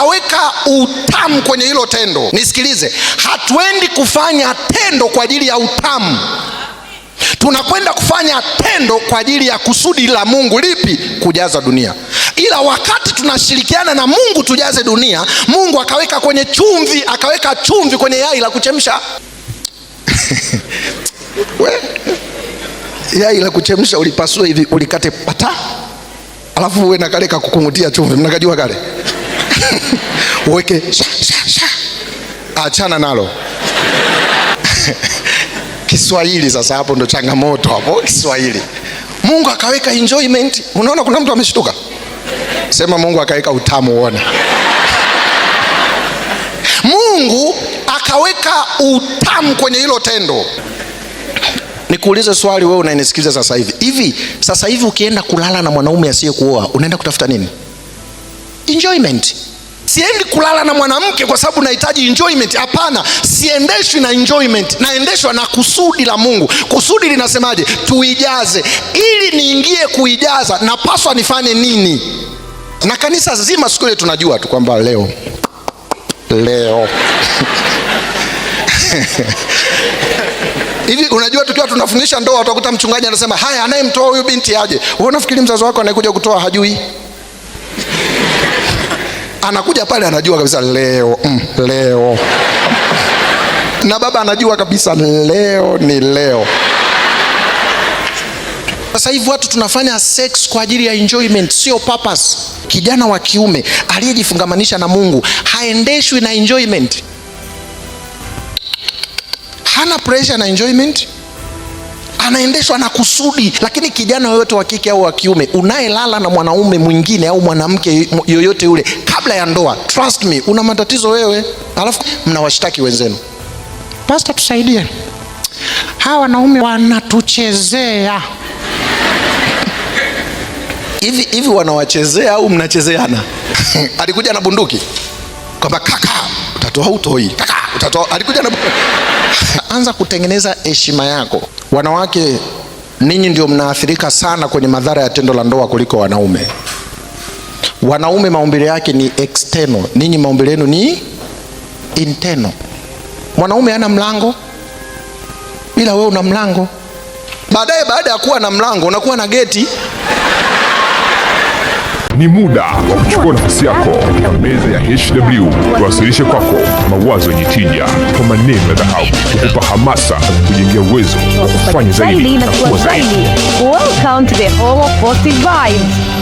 akaweka utamu kwenye hilo tendo. Nisikilize, hatuendi kufanya tendo kwa ajili ya utamu, tunakwenda kufanya tendo kwa ajili ya kusudi la Mungu. Lipi? Kujaza dunia. Ila wakati tunashirikiana na Mungu tujaze dunia, Mungu akaweka kwenye chumvi, akaweka chumvi kwenye yai la kuchemsha we yai la kuchemsha ulipasua hivi ulikate pata, alafu uwe na kale kakukung'utia chumvi, mnakajua kale uweke sha, sha, sha. Achana nalo Kiswahili sasa, hapo ndo changamoto hapo Kiswahili. Mungu akaweka enjoyment. Unaona kuna mtu ameshtuka, sema Mungu akaweka utamu. Uone Mungu akaweka utamu kwenye hilo tendo. Nikuulize swali, wewe unanisikiliza sasa hivi hivi, sasa hivi ukienda kulala na mwanaume asiyekuoa unaenda kutafuta nini? Enjoyment siendi kulala na mwanamke kwa sababu nahitaji enjoyment. Hapana, siendeshwi na enjoyment, naendeshwa na kusudi la Mungu. Kusudi linasemaje? Tuijaze. Ili niingie kuijaza, napaswa nifanye nini? Na kanisa zima siku ile tunajua tu kwamba leo leo hivi unajua, tukiwa tunafundisha ndoa utakuta mchungaji anasema haya, anayemtoa huyu binti aje. Wewe unafikiri mzazi wako anayekuja kutoa hajui? Anakuja pale anajua kabisa leo mm, leo na baba anajua kabisa leo ni leo. Sasa hivi watu tunafanya sex kwa ajili ya enjoyment, sio purpose. Kijana wa kiume aliyejifungamanisha na Mungu haendeshwi na enjoyment, hana pressure na enjoyment anaendeshwa na kusudi. Lakini kijana yoyote wa kike au wa kiume unayelala na mwanaume mwingine au mwanamke yoyote yule kabla ya ndoa, trust me, una matatizo wewe, alafu mnawashtaki wenzenu. Pasta, tusaidie, hawa wanaume wanatuchezea hivi hivi. Wanawachezea au mnachezeana? Alikuja na bunduki kwamba kaka, utatoa utoi, kaka utatoa. Alikuja na anza kutengeneza heshima yako. Wanawake ninyi ndio mnaathirika sana kwenye madhara ya tendo la ndoa kuliko wanaume. Wanaume maumbile yake ni external, ninyi maumbile yenu ni internal. Mwanaume hana mlango, ila wewe una mlango. Baadaye baada ya kuwa na mlango unakuwa na geti. Ni muda wa kuchukua nafasi yako. Meza ya HW tuwasilishe kwako mawazo yenye tija kwa maneno ya dhahabu, kukupa hamasa na uwezo wa kufanya zaidi na kuwa zaidi. Welcome to the of positive vibes.